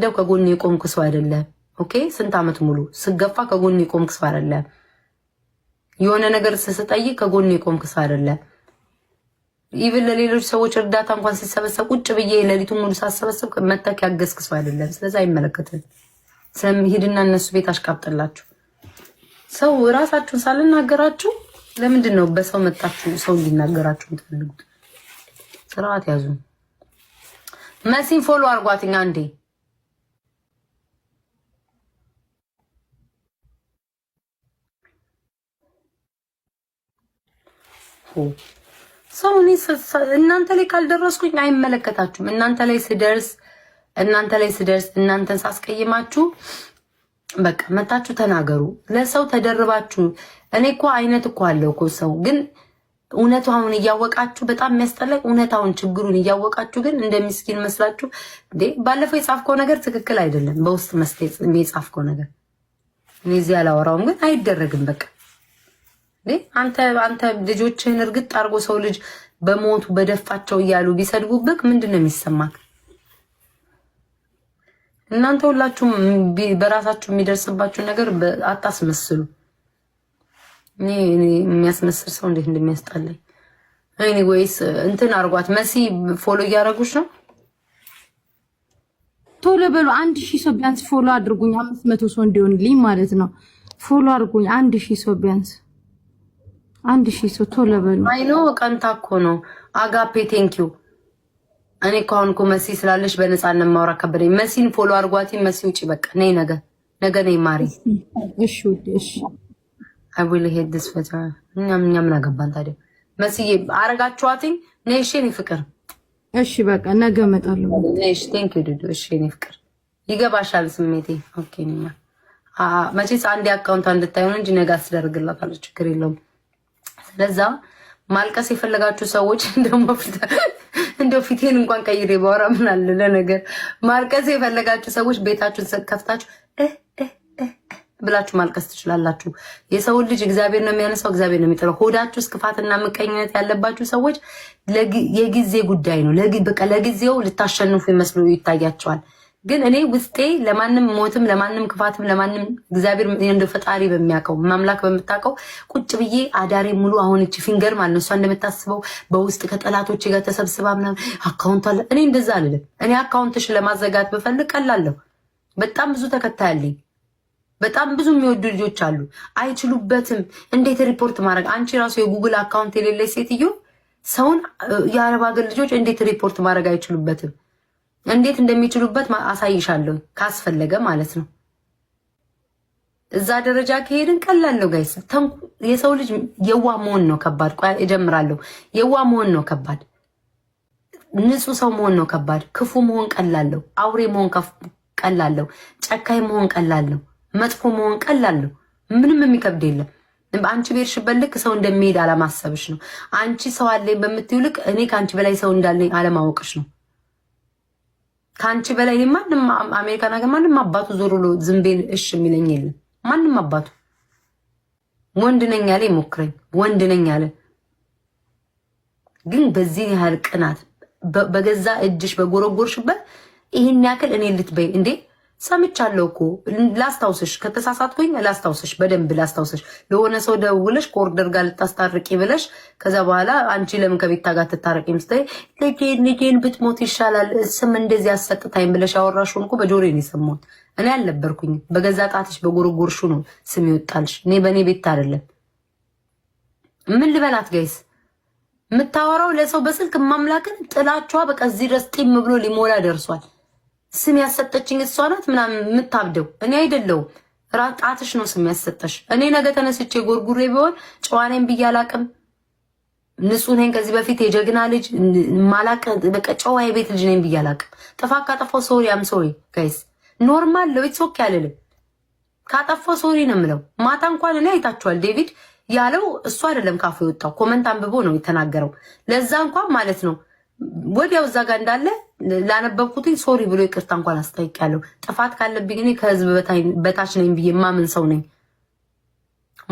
ስሰደብ ከጎን የቆምክ ሰው አይደለም። ኦኬ ስንት ዓመት ሙሉ ስገፋ ከጎን የቆምክ ሰው አይደለም። የሆነ ነገር ስስጠይቅ ከጎን የቆምክ ሰው አይደለም። ኢቭን ለሌሎች ሰዎች እርዳታ እንኳን ሲሰበሰብ ቁጭ ብዬ ሌሊቱን ሙሉ ሳሰበሰብ መተክ ያገዝክ ሰው አይደለም። ስለዚ አይመለከትም። ስለምሄድና እነሱ ቤት አሽቃብጥላችሁ ሰው እራሳችሁን ሳልናገራችሁ ለምንድን ነው በሰው መጣችሁ ሰው እንዲናገራችሁ የምትፈልጉት? ስርዓት ያዙ። መሲን ፎሎ አርጓትኛ እንዴ ሰው እናንተ ላይ ካልደረስኩኝ አይመለከታችሁም። እናንተ ላይ ስደርስ እናንተ ላይ ስደርስ እናንተን ሳስቀይማችሁ በቃ መታችሁ ተናገሩ። ለሰው ተደርባችሁ እኔ እኮ አይነት እኮ አለው እኮ ሰው ግን እውነታውን እያወቃችሁ በጣም የሚያስጠላቅ እውነታውን ችግሩን እያወቃችሁ ግን እንደ ምስኪን መስላችሁ። እንዴ ባለፈው የጻፍከው ነገር ትክክል አይደለም። በውስጥ መስቴ የጻፍከው ነገር እኔ እዚህ አላወራውም፣ ግን አይደረግም በቃ አንተ አንተ ልጆችህን እርግጥ አድርጎ ሰው ልጅ በሞቱ በደፋቸው እያሉ ቢሰድቡብህ ምንድን ነው የሚሰማክ? እናንተ ሁላችሁም በራሳችሁ የሚደርስባችሁ ነገር አታስመስሉ። እኔ የሚያስመስል ሰው እንዴት እንደሚያስጠላኝ። ኤኒዌይስ እንትን አድርጓት መሲ ፎሎ እያደረጉች ነው። ቶሎ በሉ አንድ ሺህ ሰው ቢያንስ ፎሎ አድርጉኝ፣ አምስት መቶ ሰው እንዲሆንልኝ ማለት ነው። ፎሎ አድርጉኝ አንድ ሺህ ሰው ቢያንስ አንድ ሺህ ሰው ቶሎ በሉ። አይኖ ቀንታ እኮ ነው አጋፔ ቴንኪዩ። እኔ እኮ አሁን እኮ መሲ ስላለሽ በነፃነት ማውራት ከበደኝ። መሲን ፎሎ አድርጓት። መሲ ውጭ በቃ ነይ፣ ነገ ነገ ነይ ማሪ። እሺ ውድ እሺ። አይ ዊል ሄድ ዲስ ፈታ። እኛም እኛም ምን አገባን ታዲያ። መስዬ አረጋችኋትኝ። ነይ እሺ። እኔ ፍቅር እሺ በቃ ነገ መጣሉ። ነይ እሺ። ቴንኪዩ ዱዱ። እሺ እኔ ፍቅር ይገባሻል ስሜቴ። ኦኬ ነኛ መቼስ አንዴ አካውንቷ እንድታይሆን እንጂ ነገ አስደርግላታለሁ። ችግር የለውም። ለዛ ማልቀስ የፈለጋችሁ ሰዎች እንደ ፊቴን እንኳን ቀይሬ ባወራ ምን አለ ለነገር። ማልቀስ የፈለጋችሁ ሰዎች ቤታችሁን ከፍታችሁ ብላችሁ ማልቀስ ትችላላችሁ። የሰውን ልጅ እግዚአብሔር ነው የሚያነሳው፣ እግዚአብሔር ነው የሚጥለው። ሆዳችሁ ውስጥ ክፋትና ምቀኝነት ያለባችሁ ሰዎች የጊዜ ጉዳይ ነው። በቃ ለጊዜው ልታሸንፉ ይመስሉ ይታያቸዋል። ግን እኔ ውስጤ ለማንም ሞትም ለማንም ክፋትም ለማንም እግዚአብሔር እንደ ፈጣሪ በሚያውቀው ማምላክ በምታውቀው ቁጭ ብዬ አዳሬ ሙሉ አሁን እቺ ፊንገር ማለት ነው እሷ እንደምታስበው በውስጥ ከጠላቶች ጋር ተሰብስባ ምናምን አካውንት አለ። እኔ እንደዛ አልልም። እኔ አካውንትሽ ለማዘጋት ብፈልግ ቀላለሁ። በጣም ብዙ ተከታይ አለኝ። በጣም ብዙ የሚወዱ ልጆች አሉ። አይችሉበትም። እንዴት ሪፖርት ማድረግ አንቺ ራሱ የጉግል አካውንት የሌለች ሴትዮ ሰውን የአረብ ሀገር ልጆች እንዴት ሪፖርት ማድረግ አይችሉበትም። እንዴት እንደሚችሉበት አሳይሻለሁ፣ ካስፈለገ ማለት ነው። እዛ ደረጃ ከሄድን ቀላል ነው ጋይስ። የሰው ልጅ የዋ መሆን ነው ከባድ። እጀምራለሁ። የዋ መሆን ነው ከባድ። ንጹህ ሰው መሆን ነው ከባድ። ክፉ መሆን ቀላለሁ። አውሬ መሆን ቀላለሁ። ጨካኝ መሆን ቀላለሁ። መጥፎ መሆን ቀላለሁ። ምንም የሚከብድ የለም። አንቺ በሄድሽበት ልክ ሰው እንደሚሄድ አለማሰብሽ ነው። አንቺ ሰው አለኝ በምትይው ልክ እኔ ከአንቺ በላይ ሰው እንዳለኝ አለማወቅሽ ነው። ከአንቺ በላይ ማንም አሜሪካን ሀገር ማንም አባቱ ዞሮ ብሎ ዝንቤን እሽ የሚለኝ የለም። ማንም አባቱ ወንድ ነኝ ያለ ይሞክረኝ፣ ወንድ ነኝ ያለ ግን በዚህ ያህል ቅናት በገዛ እጅሽ በጎረጎርሽበት ይህን ያክል እኔ ልትበይ እንዴ? ሰምቻለሁ እኮ ላስታውስሽ፣ ከተሳሳትኩኝ ላስታውስሽ፣ በደንብ ላስታውስሽ። ለሆነ ሰው ደውለሽ ከወርደር ጋር ልታስታርቂ ብለሽ ከዛ በኋላ አንቺ ለምን ከቤታ ጋር ትታረቂ ስትይ ልጌን ልጌን ብትሞት ይሻላል ስም እንደዚህ አሰጥታኝ ብለሽ ያወራሽውን እኮ በጆሮዬ ነው የሰማሁት። እኔ አልነበርኩኝ። በገዛ ጣትሽ በጎርጎርሹ ነው ስም ይወጣልሽ። እኔ በእኔ ቤት አይደለም። ምን ልበላት ጋይስ የምታወራው ለሰው በስልክ ማምላክን ጥላቿ በቃ እዚህ ድረስ ጢም ብሎ ሊሞላ ደርሷል። ስም ያሰጠችኝ እሷ ናት ምናምን የምታብደው እኔ አይደለሁም። ጣትሽ ነው ስም ያሰጠሽ። እኔ ነገ ተነስቼ ጎርጉሬ ቢሆን ጨዋኔን ብዬ አላቅም። ንጹህ ነኝ። ከዚህ በፊት የጀግና ልጅ ማላቅ በቃ ጨዋ የቤት ልጅ ነኝ ብዬ አላቅም። ጥፋ ካጠፋው ሶሪ አም ሶሪ ጋይስ ኖርማል ኢትስ ኦኬ ያለልም ካጠፋው ሶሪ ነው የምለው። ማታ እንኳን እኔ አይታችኋል ዴቪድ ያለው እሱ አይደለም ካፉ የወጣው ኮመንት አንብቦ ነው የተናገረው። ለዛ እንኳን ማለት ነው ወዲያው እዛ ጋር እንዳለ ላነበብኩትኝ ሶሪ ብሎ ይቅርታ እንኳን አስጠይቂያለሁ። ጥፋት ካለብኝ እኔ ከህዝብ በታች ነኝ ብዬ ማምን ሰው ነኝ።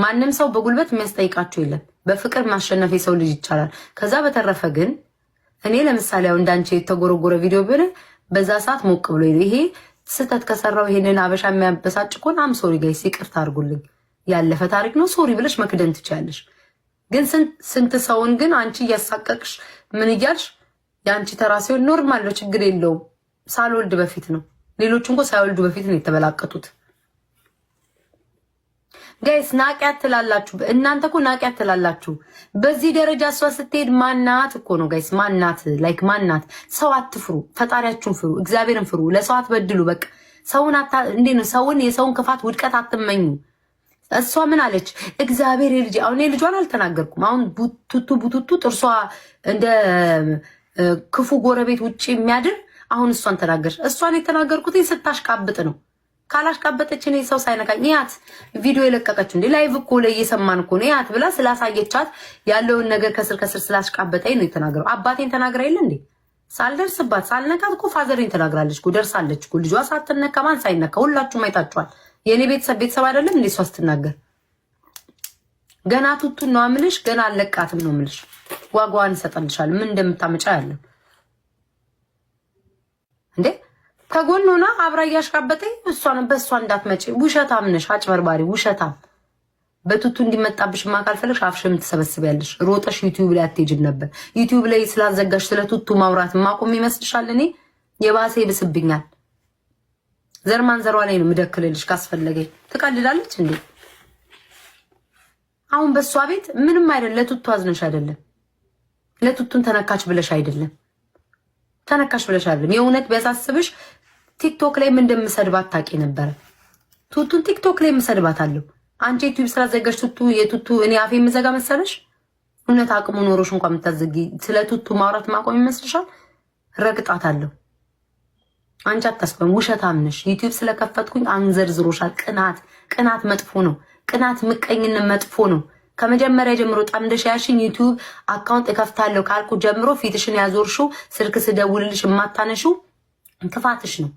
ማንም ሰው በጉልበት የሚያስጠይቃቸው የለም። በፍቅር ማሸነፍ የሰው ልጅ ይቻላል። ከዛ በተረፈ ግን እኔ ለምሳሌ አሁን እንዳንቺ የተጎረጎረ ቪዲዮ ብል በዛ ሰዓት ሞቅ ብሎ ይሄ ስህተት ከሰራው ይሄንን አበሻ የሚያበሳጭ ከሆነ አም ሶሪ ጋይስ ይቅርታ አድርጉልኝ፣ ያለፈ ታሪክ ነው፣ ሶሪ ብለሽ መክደን ትችያለሽ። ግን ስንት ሰውን ግን አንቺ እያሳቀቅሽ ምን እያልሽ የአንቺ ተራ ሲሆን ኖርማል ነው፣ ችግር የለውም። ሳልወልድ በፊት ነው። ሌሎች እንኳ ሳይወልዱ በፊት ነው የተበላቀጡት። ጋይስ ናቂያት ትላላችሁ፣ እናንተ እኮ ናቂያት ትላላችሁ። በዚህ ደረጃ እሷ ስትሄድ ማናት እኮ ነው ጋይስ፣ ማናት ላይክ ማናት። ሰው አትፍሩ፣ ፈጣሪያችሁን ፍሩ፣ እግዚአብሔርን ፍሩ። ለሰው አትበድሉ። በቃ ሰውን እንዴ ነው ሰውን የሰውን ክፋት ውድቀት አትመኙ። እሷ ምን አለች? እግዚአብሔር የልጅ አሁን የልጇን አልተናገርኩም። አሁን ቡቱቱ ቡቱቱ ጥርሷ እንደ ክፉ ጎረቤት ውጭ የሚያድር አሁን እሷን ተናገር። እሷን የተናገርኩትኝ ስታሽቃብጥ ነው። ካላሽቃበጠች እኔ ሰው ሳይነካኝ ያት ቪዲዮ የለቀቀችው እንዴ ላይቭ እኮ ላይ እየሰማን እኮ ነው ያት ብላ ስላሳየቻት ያለውን ነገር ከስር ከስር ስላሽቃበጠኝ ነው የተናገረው። አባቴን ተናግራ የለ እንዴ ሳልደርስባት ሳልነካት እኮ ፋዘሬን ተናግራለች እኮ ደርሳለች እኮ ልጇ ሳትነካ ማን ሳይነካ ሁላችሁም አይታችኋል። የእኔ ቤተሰብ ቤተሰብ አይደለም እንዴ እሷ ስትናገር ገና ቱቱን ነው ምልሽ፣ ገና አለቃትም ነው ምልሽ። ዋጓዋን ይሰጠልሻል። ምን እንደምታመጫ ያለን እንዴ ከጎን ሆና አብራ እያሽቃበጠ እሷን በእሷ እንዳትመጪ። ውሸታም ነሽ፣ አጭበርባሪ ውሸታም። በቱቱ እንዲመጣብሽ ማ አፍሽም ትሰበስቢያለሽ። ሮጠሽ ዩቲዩብ ላይ አትሄጂም ነበር። ዩቲዩብ ላይ ስላዘጋሽ ስለ ቱቱ ማውራት ማቆም ይመስልሻል? እኔ የባሰ ይብስብኛል። ዘርማን ዘሯ ላይ ነው ምደክልልሽ። ካስፈለገኝ ትቀልዳለች እንዴ አሁን በእሷ ቤት ምንም አይደለም። ለቱቱ አዝነሽ አይደለም፣ ለቱቱን ተነካች ብለሽ አይደለም፣ ተነካች ብለሽ አይደለም። የእውነት ቢያሳስብሽ ቲክቶክ ላይ ምን እንደምሰድባት ታውቂ ነበረ። ቱቱን ቲክቶክ ላይ የምሰድባት አለው። አንቺ ዩቲዩብ ስራ ዘጋሽ። ቱቱ የቱቱ እኔ አፌ የምዘጋ መሰለሽ? እውነት አቅሙ ኖሮሽ እንኳን የምታዘጊ ስለ ቱቱ ማውራት ማቆም ይመስልሻል? ረግጣት አለው። አንቺ አታስቆም፣ ውሸታም ነሽ። ዩቲዩብ ስለከፈትኩኝ አንዘርዝሮሻል። ቅናት ቅናት መጥፎ ነው። ቅናት፣ ምቀኝነት መጥፎ ነው። ከመጀመሪያ ጀምሮ ጠምደሻያሽን ዩቲዩብ አካውንት እከፍታለሁ ካልኩ ጀምሮ ፊትሽን ያዞርሽው ስልክ ስደውልልሽ የማታነሽው ክፋትሽ ነው።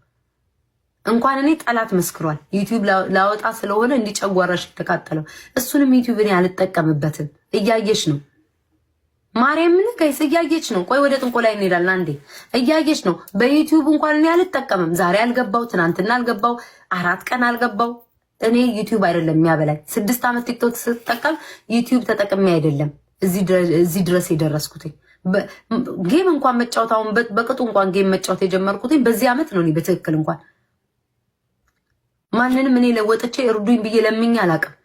እንኳን እኔ ጠላት መስክሯል። ዩቲዩብ ላወጣ ስለሆነ እንዲጨጓራሽ የተቃጠለው እሱንም ዩቲዩብ እኔ አልጠቀምበትም። እያየሽ ነው ማርያም ጋይስ እያየች ነው። ቆይ ወደ ጥንቆ ላይ እንሄዳለን አንዴ። እያየች ነው። በዩቲዩብ እንኳን እኔ አልጠቀምም። ዛሬ አልገባው፣ ትናንትና አልገባው፣ አራት ቀን አልገባው እኔ ዩቲዩብ አይደለም የሚያበላኝ። ስድስት ዓመት ቲክቶክ ስጠቀም ዩቲዩብ ተጠቅሜ አይደለም እዚህ ድረስ የደረስኩትኝ። ጌም እንኳን መጫወት አሁን በቅጡ እንኳን ጌም መጫወት የጀመርኩትኝ በዚህ ዓመት ነው። እኔ በትክክል እንኳን ማንንም እኔ ለወጥቼ እርዱኝ ብዬ ለምኝ አላቅም።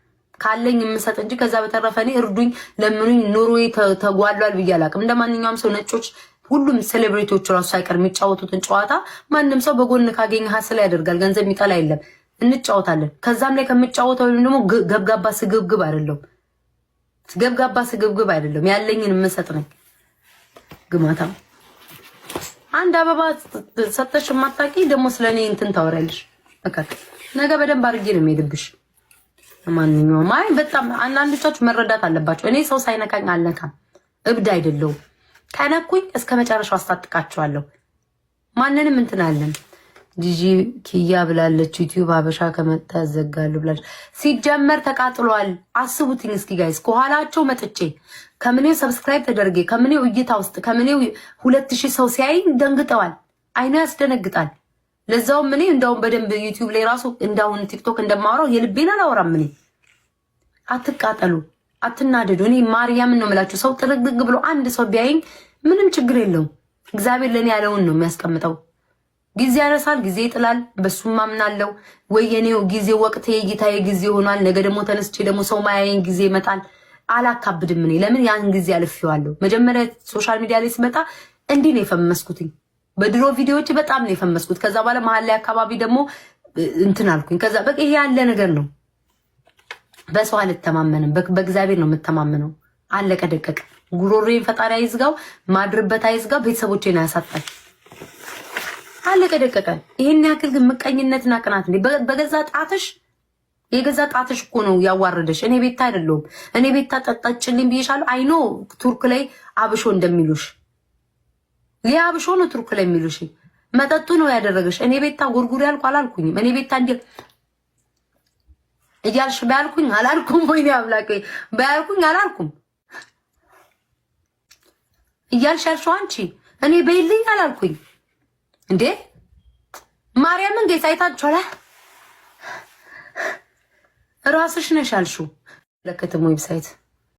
ካለኝ የምሰጥ እንጂ ከዛ በተረፈ እኔ እርዱኝ ለምኑኝ ኑሮዬ ተጓሏል ብዬ አላቅም። እንደ ማንኛውም ሰው ነጮች ሁሉም ሴሌብሬቲዎች ራሱ ሳይቀር የሚጫወቱትን ጨዋታ ማንም ሰው በጎን ካገኘ ሀስል ያደርጋል። ገንዘብ የሚጠላ የለም። እንጫወታለን። ከዛም ላይ ከምጫወተው ወይም ደግሞ ገብጋባ ስግብግብ አይደለም፣ ገብጋባ ስግብግብ አይደለም። ያለኝን የምሰጥ ነኝ። ግማታ አንድ አበባ ሰጠሽ የማታውቂ ደግሞ ስለ እኔ እንትን ታወሪያለሽ። ነገ በደንብ አድርጌ ነው የሚሄድብሽ። ማንኛውም አይ በጣም አንዳንዶቻችሁ መረዳት አለባቸው። እኔ ሰው ሳይነካኝ አልነካም፣ እብድ አይደለሁም። ከነኩኝ እስከ መጨረሻው አስታጥቃቸዋለሁ። ማንንም እንትን አለን ጂጂ ኪያ ብላለች። ዩቲዩብ ሀበሻ ከመጣ ያዘጋሉ ብላለች። ሲጀመር ተቃጥሏል። አስቡትኝ እስኪ ጋይስ፣ ከኋላቸው መጥቼ ከምኔው ሰብስክራይብ ተደርጌ ከምኔው እይታ ውስጥ ከምኔው ሁለት ሺህ ሰው ሲያይኝ ደንግጠዋል። አይና ያስደነግጣል። ለዛውም እኔ እንዳሁን በደንብ ዩቲዩብ ላይ ራሱ እንዳሁን ቲክቶክ እንደማወራው የልቤን አላወራም። እኔ አትቃጠሉ፣ አትናደዱ። እኔ ማርያምን ነው የምላችሁ። ሰው ጥርግግ ብሎ አንድ ሰው ቢያይኝ ምንም ችግር የለውም። እግዚአብሔር ለእኔ ያለውን ነው የሚያስቀምጠው። ጊዜ ያነሳል፣ ጊዜ ይጥላል። በሱም አምናለው። ወይ የኔው ጊዜ ወቅት የጌታዬ ጊዜ ሆኗል። ነገ ደግሞ ተነስቼ ደግሞ ሰው ማያየን ጊዜ ይመጣል። አላካብድም። እኔ ለምን ያን ጊዜ አልፌዋለሁ። መጀመሪያ ሶሻል ሚዲያ ላይ ስመጣ እንዲህ ነው የፈመስኩትኝ። በድሮ ቪዲዮዎች በጣም ነው የፈመስኩት። ከዛ በኋላ መሀል ላይ አካባቢ ደግሞ እንትን አልኩኝ። ከዛ በቃ ይሄ ያለ ነገር ነው። በሰው አልተማመንም፣ በእግዚአብሔር ነው የምተማመነው። አለቀ ደቀቀ። ጉሮሬን ፈጣሪ አይዝጋው፣ ማድርበት አይዝጋው፣ ቤተሰቦቼን አያሳጣል። አለቀ ደቀቀ። ይሄን ያክል ግን ምቀኝነትና ቅናት እንዴ! በገዛ ጣትሽ የገዛ ጣትሽ እኮ ነው ያዋረደሽ። እኔ ቤት አይደለሁም። እኔ ቤታ ጠጣችልኝ ብዬሻለሁ። አይኖ ቱርክ ላይ አብሾ እንደሚሉሽ ሊያ አብሾ ነው ቱርክ ላይ የሚሉሽ። መጠጡ ነው ያደረገሽ። እኔ ቤታ ጉርጉር ያልኩ አላልኩኝም። እኔ ቤታ እንዲ እያልሽ ባያልኩኝ አላልኩም። ወይኔ አምላኬ ባያልኩኝ አላልኩም። እያልሽ ያልሽው አንቺ እኔ በይልኝ አላልኩኝ እንዴ ማርያም እንዴት አይታችኋል? ራስሽ ነሽ አልሽው ለከተማ ዌብሳይት